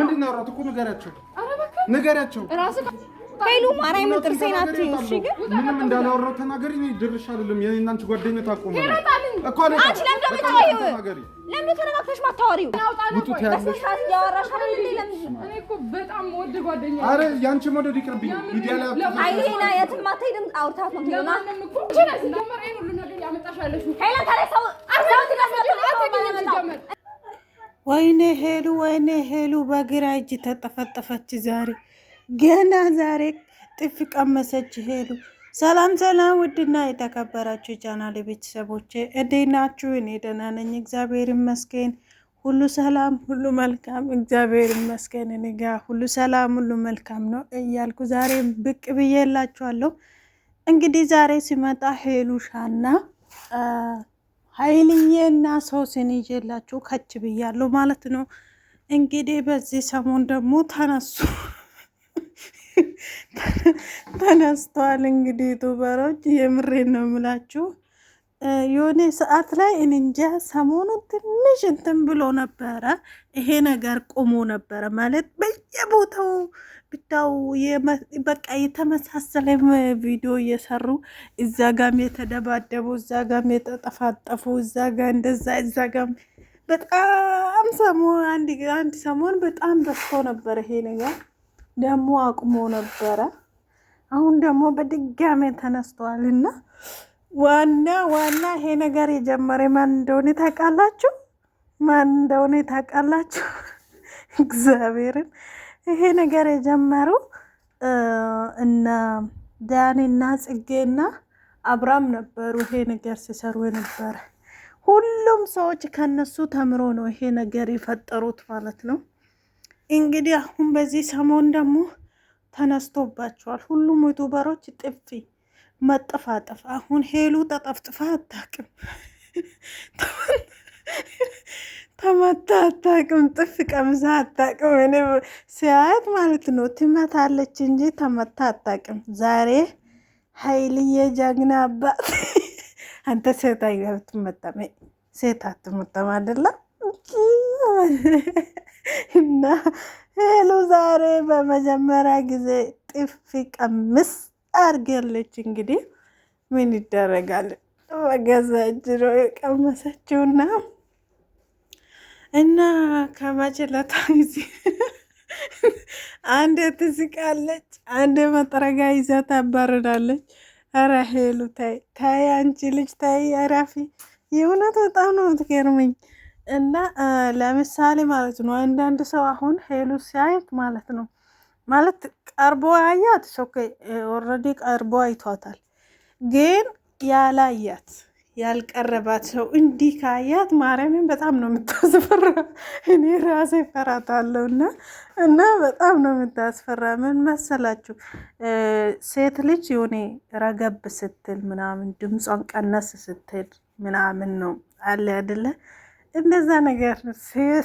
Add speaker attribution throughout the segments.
Speaker 1: ምንድን ነው ያወራሁት እኮ ንገሪያቸው፣ ንገሪያቸው
Speaker 2: ኃይሉ ማርያምን ጥርሴን አትይኝ። እሺ ግን
Speaker 1: ምንም እንዳላወራሁ ተናገሪ። እኔ ድርሽ አይደለም የኔ እና አንቺ ጓደኛዬ እኮ
Speaker 3: ለምን
Speaker 2: ተናገሪ? ማታወሪው? ውጡ ተያዘሽ።
Speaker 1: አረ ያንቺ መውደድ ይቅርብኝ። ይዲያላ
Speaker 2: አይሄና የትም አትሄድም። አውርታት ነው ትይና
Speaker 4: ወይኔ ሄሉ ወይኔ ሄሉ በግራ እጅ ተጠፈጠፈች። ዛሬ ገና ዛሬ ጥፍ ቀመሰች ሄሉ። ሰላም ሰላም፣ ውድና የተከበራችሁ ቻናል ቤተሰቦቼ እንዴት ናችሁ? እኔ ደህና ነኝ፣ እግዚአብሔር ይመስገን። ሁሉ ሰላም፣ ሁሉ መልካም፣ እግዚአብሔር ይመስገን። እኔ ጋ ሁሉ ሰላም፣ ሁሉ መልካም ነው እያልኩ ዛሬ ብቅ ብዬላችኋለሁ። እንግዲህ ዛሬ ሲመጣ ሄሉ ሻና። ሀይልዬ እና ሰው ሲንይዤላችሁ ከች ብያለሁ ማለት ነው። እንግዲህ በዚህ ሰሞን ደግሞ ተነሱ ተነስተዋል። እንግዲህ ቱበሮች የምሬ ነው የምላችሁ። የሆነ ሰዓት ላይ እንንጃ ሰሞኑ ትንሽ እንትን ብሎ ነበረ። ይሄ ነገር ቆሞ ነበረ ማለት በየቦታው ብታው በቃ የተመሳሰለ ቪዲዮ እየሰሩ እዛ ጋም የተደባደቡ እዛ ጋም የተጠፋጠፉ እዛ ጋ እንደዛ እዛ ጋም በጣም ሰሞን አንድ ሰሞን በጣም በዝቶ ነበረ። ይሄ ነገር ደግሞ አቁሞ ነበረ። አሁን ደግሞ በድጋሜ ተነስተዋል እና ዋና ዋና ይሄ ነገር የጀመረ ማን እንደሆነ ታውቃላችሁ? ማን እንደሆነ ታውቃላችሁ? እግዚአብሔርን ይሄ ነገር የጀመሩ እና ዳኒና ጽጌና አብራም ነበሩ። ይሄ ነገር ሲሰሩ የነበረ ሁሉም ሰዎች ከነሱ ተምሮ ነው ይሄ ነገር የፈጠሩት ማለት ነው። እንግዲህ አሁን በዚህ ሰሞን ደግሞ ተነስቶባቸዋል። ሁሉም ዩቱበሮች ጥፊ መጠፋጠፍ። አሁን ሄሉ ተጠፍጥፋ አታውቅም ተመታ አታቅም ጥፍ ቀምሳ አታቅም። እኔ ሲያየት ማለት ነው ትመታለች እንጂ ተመታ አታቅም። ዛሬ ሀይልዬ ጀግና አባት አንተ ሴት አትመጣም፣ ሴት አትመጣም አይደለ እና ሄሉ ዛሬ በመጀመሪያ ጊዜ ጥፍ ቀምስ አርገለች እንግዲህ ምን ይደረጋል፣ በገዛ እጅ ነው የቀመሰችውና እና ከማችለታ ጊዜ አንድ ትስቃለች፣ አንድ መጠረጋ ይዛ ታባረዳለች። ኧረ ሄሉ ታይ ታይ፣ አንቺ ልጅ ታይ፣ አራፊ የእውነት በጣም ነው የምትገርመኝ። እና ለምሳሌ ማለት ነው አንዳንድ ሰው አሁን ሄሉ ሲያየት ማለት ነው ማለት ቀርቦ አያት ሶኬ ኦልሬዲ ቀርቦ አይቷታል፣ ግን ያላያት ያልቀረባት ሰው እንዲህ ካያት ማርያምን በጣም ነው የምታስፈራ። እኔ ራሴ ፈራታለሁ እና እና በጣም ነው የምታስፈራ። ምን መሰላችሁ ሴት ልጅ የሆነ ረገብ ስትል ምናምን ድምጿን ቀነስ ስትል ምናምን ነው አለ አይደለ? እንደዛ ነገር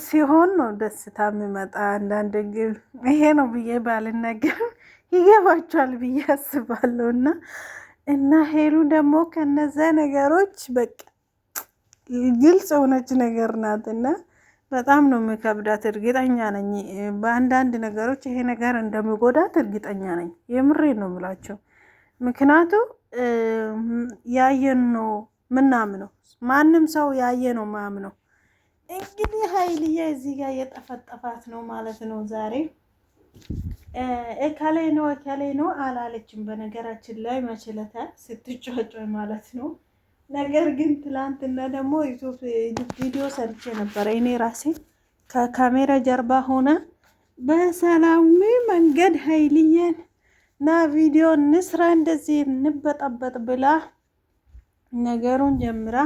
Speaker 4: ሲሆን ነው ደስታ የሚመጣ። አንዳንድ ግን ይሄ ነው ብዬ ባልነገር ይገባችኋል ብዬ አስባለሁ እና እና ሄሉ ደግሞ ከነዛ ነገሮች በቃ ግልጽ የሆነች ነገር ናት እና በጣም ነው የሚከብዳት። እርግጠኛ ነኝ በአንዳንድ ነገሮች ይሄ ነገር እንደሚጎዳት እርግጠኛ ነኝ። የምሬ ነው የምላቸው። ምክንያቱ ያየን ነው ምናምነው፣ ማንም ሰው ያየ ነው ማምነው። እንግዲህ ሀይልያ እዚህ ጋር የጠፈጠፋት ነው ማለት ነው ዛሬ እከላይ ነው እከላይ ነው አላለችም። በነገራችን ላይ መችለታል ስትጫጮ ማለት ነው። ነገር ግን ትላንትና ደግሞ ዩቱብ ቪዲዮ ሰርቼ ነበረ እኔ ራሴ ከካሜራ ጀርባ ሆነ በሰላማዊ መንገድ ሀይልዬን ና ቪዲዮ ንስራ እንደዚህ እንበጠበጥ ብላ ነገሩን ጀምራ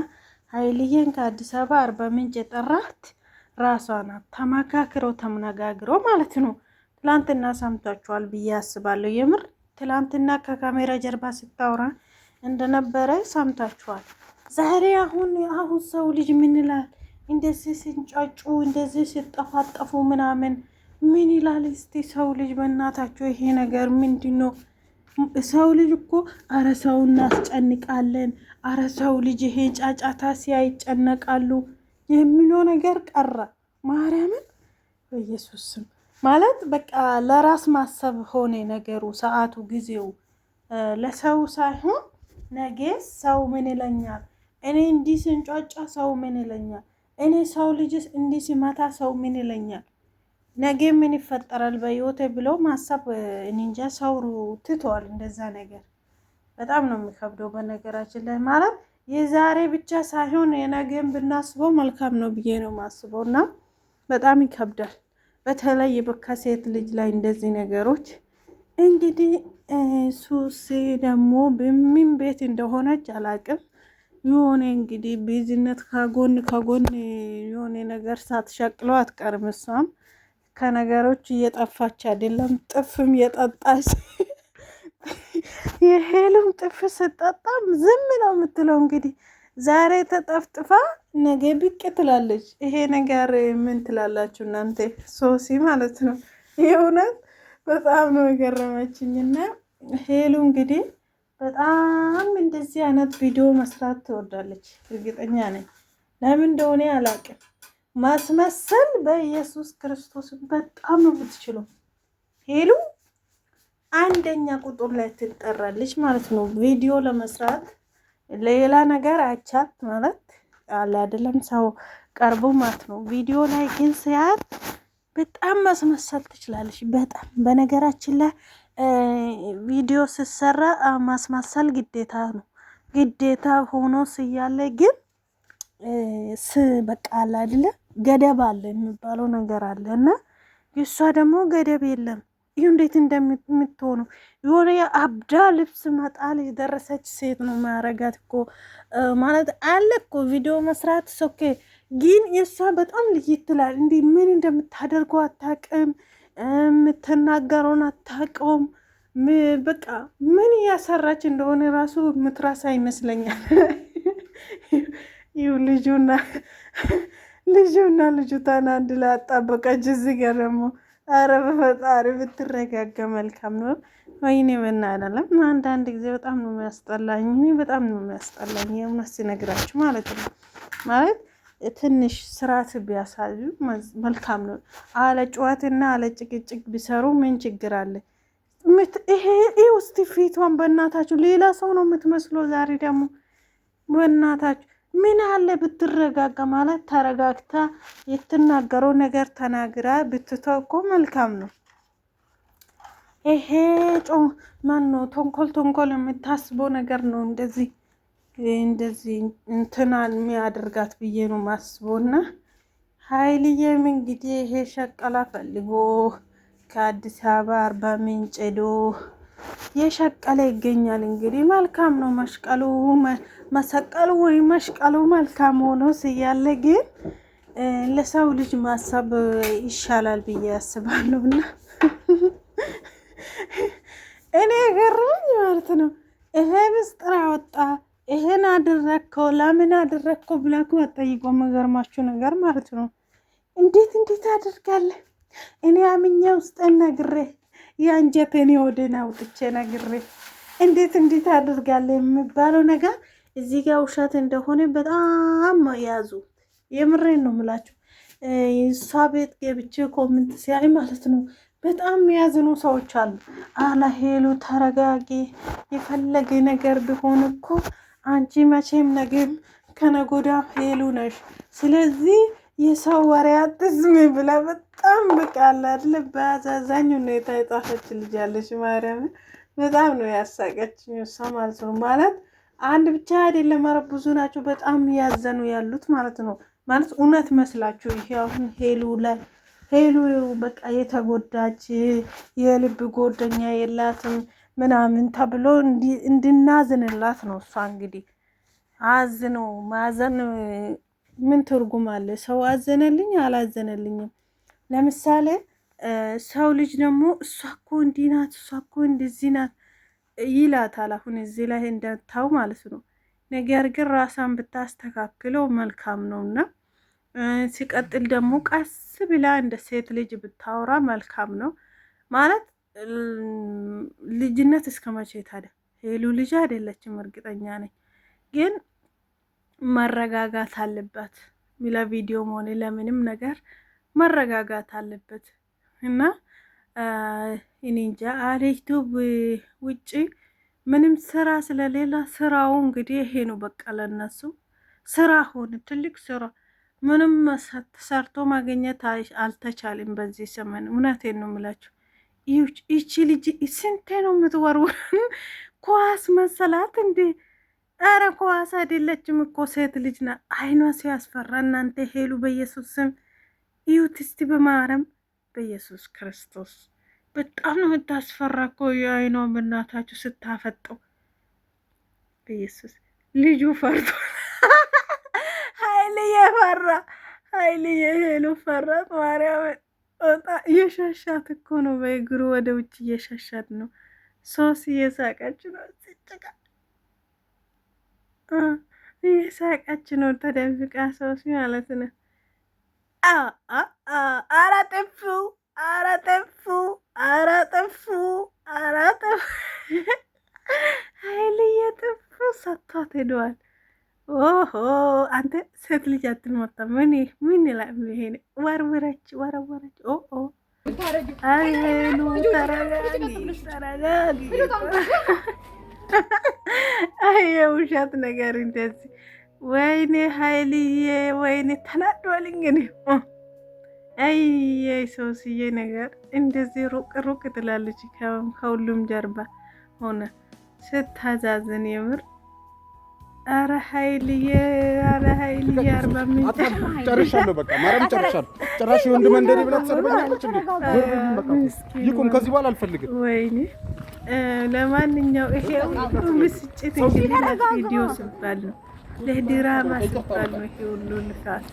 Speaker 4: ሀይልዬን ከአዲስ አበባ አርባ ምንጭ የጠራት ራሷ ናት። ተመካክሮ ተምነጋግሮ ማለት ነው ትላንትና ሰምታችኋል ብዬ አስባለሁ። የምር ትላንትና ከካሜራ ጀርባ ስታወራ እንደነበረ ሰምታችኋል። ዛሬ አሁን አሁን ሰው ልጅ ምን ይላል? እንደዚህ ሲንጫጩ እንደዚህ ሲጠፋጠፉ ምናምን ምን ይላል? እስቲ ሰው ልጅ በእናታቸው ይሄ ነገር ምንድን ነው? ሰው ልጅ እኮ አረ ሰው እናስጨንቃለን፣ አረ ሰው ልጅ ይሄ ጫጫታ ሲያይጨነቃሉ? ይጨነቃሉ የሚለው ነገር ቀረ። ማርያምን በኢየሱስ ስም ማለት በቃ ለራስ ማሰብ ሆነ ነገሩ፣ ሰዓቱ፣ ጊዜው ለሰው ሳይሆን ነጌ ሰው ምን ይለኛል፣ እኔ እንዲህ ስንጫጫ ሰው ምን ይለኛል፣ እኔ ሰው ልጅስ እንዲህ ሲመታ ሰው ምን ይለኛል፣ ነገ ምን ይፈጠራል በህይወቴ ብለው ማሰብ እንጃ ሰውሩ ትተዋል። እንደዛ ነገር በጣም ነው የሚከብደው። በነገራችን ላይ ማለት የዛሬ ብቻ ሳይሆን የነገን ብናስበው መልካም ነው ብዬ ነው ማስበው እና በጣም ይከብዳል። በተለይ በካሴት ልጅ ላይ እንደዚህ ነገሮች እንግዲህ ሱሲ ደግሞ በምን ቤት እንደሆነች አላቅም። የሆነ እንግዲህ ቢዝነት ከጎን ከጎን የሆነ ነገር ሳትሸቅለው አትቀርም። እሷም ከነገሮች እየጠፋች አይደለም፣ ጥፍም የጠጣች የሄሉም ጥፍ ስጠጣም ዝም ነው የምትለው እንግዲህ ዛሬ ተጠፍጥፋ ነገ ብቅ ትላለች። ይሄ ነገር ምን ትላላችሁ እናንተ? ሶሲ ማለት ነው። ይህ እውነት በጣም ነው የገረመችኝና ሄሉ እንግዲህ በጣም እንደዚህ አይነት ቪዲዮ መስራት ትወዳለች፣ እርግጠኛ ነኝ። ለምን እንደሆነ አላውቅም። ማስመሰል በኢየሱስ ክርስቶስ በጣም ነው ብትችለው ሄሉ አንደኛ ቁጥር ላይ ትጠራለች ማለት ነው ቪዲዮ ለመስራት ሌላ ነገር አይቻት ማለት አለ አይደለም ሰው ቀርቦ ማለት ነው። ቪዲዮ ላይ ግን ሲያት በጣም ማስመሰል ትችላለች። በጣም በነገራችን ላይ ቪዲዮ ሲሰራ ማስመሰል ግዴታ ነው። ግዴታ ሆኖ ስያለ ግን በቃ አለ አይደለ ገደብ አለ የሚባለው ነገር አለ እና እሷ ደግሞ ገደብ የለም ይህ እንዴት እንደምትሆኑ የሆነ አብዳ ልብስ መጣል የደረሰች ሴት ነው ማረጋት እኮ ማለት አለ እኮ ቪዲዮ መስራት ሶኬ ግን የእሷ በጣም ልይት ትላል። እንዲህ ምን እንደምታደርገው አታቅም፣ የምትናገረውን አታቀውም። በቃ ምን እያሰራች እንደሆነ ራሱ ምትራሳ ይመስለኛል። ይሁ ልጁና ልጁና ልጁታን አንድ ላይ አጣበቀች። እዚህ ጋር ደግሞ አረ በፈጣሪ ብትረጋጋ መልካም ነው። ወይኔ አይደለም፣ አንዳንድ ጊዜ በጣም ነው የሚያስጠላኝ። እኔ በጣም ነው የሚያስጠላኝ የእውነት ሲነግራችሁ ማለት ነው። ማለት ትንሽ ስርዓት ቢያሳዩ መልካም ነው። አለ ጨዋትና አለ ጭቅጭቅ ቢሰሩ ምን ችግር አለ? ይሄ ውስጥ ፊቷን በእናታችሁ ሌላ ሰው ነው የምትመስለው። ዛሬ ደግሞ በእናታችሁ ምን አለ ብትረጋጋ ማለት ተረጋግታ የትናገረው ነገር ተናግራ ብትተው እኮ መልካም ነው። ይሄ ማን ነው ተንኮል ተንኮል የምታስበው ነገር ነው እንደዚህ እንደዚህ እንትና የሚያደርጋት ብዬ ነው ማስቦና ሀይልዬም እንግዲህ ይሄ ሸቀላ ፈልጎ ከአዲስ አበባ አርባ ምንጭ ሄዶ የሸቀለ ይገኛል። እንግዲህ መልካም ነው መሽቀሉ መሰቀሉ ወይ መሽቀሉ መልካም ሆኖ ስያለ ግን ለሰው ልጅ ማሰብ ይሻላል ብዬ ያስባለሁ። እና እኔ ገርመኝ ማለት ነው ይሄ ምስጥር አወጣ ይሄን አደረግከው ለምን አደረግከው ብላኩ አጠይቆ መገርማችሁ ነገር ማለት ነው። እንዴት እንዴት አደርጋለህ እኔ አምኛ ውስጥ ነግሬ የአንጀቴን የወዴን አውጥቼ ነግሬ እንዴት እንዴት አድርጋለ የሚባለው ነገር እዚህ ጋር ውሸት እንደሆነ በጣም ያዙ። የምሬን ነው ምላችሁ። እሷ ቤት ገብቼ ኮምንት ሲያይ ማለት ነው በጣም የሚያዝኑ ሰዎች አሉ። አላ ሄሉ ተረጋጊ፣ የፈለገ ነገር ቢሆን እኮ አንቺ መቼም ነገም ከነጎዳ ሄሉ ነሽ። ስለዚህ የሰው ወሬ አትስሚ ብላ በጣም በቃ አለ ሁኔታ የጣፈች ልጅ አለች። በጣም ነው ያሳቀችኝ እሷ ማለት ነው። ማለት አንድ ብቻ አይደለም፣ ኧረ ብዙ ናቸው። በጣም ያዘኑ ያሉት ማለት ነው። ማለት እውነት መስላችሁ ይሄ አሁን ሄሉ ላይ ሄሉ በቃ የተጎዳች የልብ ጎደኛ የላትም ምናምን ተብሎ እንድናዝንላት ነው እሷ እንግዲህ ነው ማዘን ምን ትርጉም አለ? ሰው አዘነልኝ አላዘነልኝም። ለምሳሌ ሰው ልጅ ደግሞ እሷ እኮ እንዲህ ናት፣ እሷ እኮ እንደዚህ ናት ይላታል። አሁን እዚህ ላይ እንደታው ማለት ነው። ነገር ግን ራሷን ብታስተካክለው መልካም ነው እና ሲቀጥል ደግሞ ቀስ ብላ እንደ ሴት ልጅ ብታወራ መልካም ነው ማለት ልጅነት እስከ መቼ ታዲያ? ሄሉ ልጅ አይደለችም እርግጠኛ ነኝ ግን መረጋጋት አለበት ሚላ ቪዲዮ ሆነ ለምንም ነገር መረጋጋት አለበት እና እኔ እንጃ ዩቱብ ውጪ ምንም ስራ ስለሌላ ስራው እንግዲህ ይሄ ነው በቃ ለነሱ ስራ ሆነ ትልቅ ስራ ምንም ሰርቶ ማግኘት አልተቻለም በዚህ ዘመን እውነቴን ነው የምላችሁ ይቺ ልጅ ስንቴ ነው የምትወርወር ኳስ መሰላት እንዴ ኧረ ከዋሳ አይደለችም እኮ ሴት ልጅ ና አይኗ ሲያስፈራ እናንተ ሄሉ በኢየሱስ ስም እዩት እስቲ በማረም በኢየሱስ ክርስቶስ በጣም ነው የምታስፈራ እኮ የአይኗ በእናታችሁ ስታፈጠው በኢየሱስ ልጁ ፈርቶ ሀይልዬ ፈራ ሀይልዬ ሄሉ ፈራት ማርያም ወጣ እየሸሻት እኮ ነው በእግሩ ወደ ውጭ እየሸሻት ነው ሶስ እየሳቀች ነው ስጭቃ ሳቃች ነው ተደብቃ ሰው ማለት ነው። አረ ጥፉ፣ አረ ጥፉ፣ አረ ጥፉ፣ አረ ጥፉ ሀይልዬ ጥፉ ሰጥቷት ሄደዋል። ኦሆ አንተ ሴት ልጅ አትመጣ ምን ምን ላይ ሄደ? ወርውረች ወረወረች። ኦኦ ተረጋጊ የውሸት ነገር እንደዚህ ወይኔ ሀይልዬ ወይኔ ተናዷል። እንግዲህ አይ ሰውስዬ ነገር እንደዚህ ሩቅ ሩቅ ትላለች ከሁሉም ጀርባ ሆነ ስታዛዝን የምር አረ ሀይልዬ አረ ሀይልዬ
Speaker 1: አርባ ምንጭ በቃ ማርያም ጨርሻለሁ። ጭራሽ ወንድ መንደሪ ብላ ትሰድበኛለች። ይቁም፣ ከዚህ በኋላ አልፈልግም።
Speaker 4: ወይኔ ለማንኛው ይሄ ሁሉ ምስጭት ለቪዲዮ ሲባል ነው ለድራማ ሲባል ነው ይሄ ሁሉ ልፋት